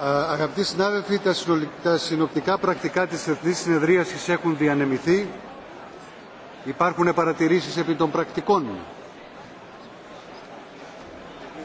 Ε, αγαπητοί συνάδελφοι, τα συνοπτικά πρακτικά της Εθνής Συνεδρίασης έχουν διανεμηθεί. Υπάρχουν παρατηρήσεις επί των πρακτικών.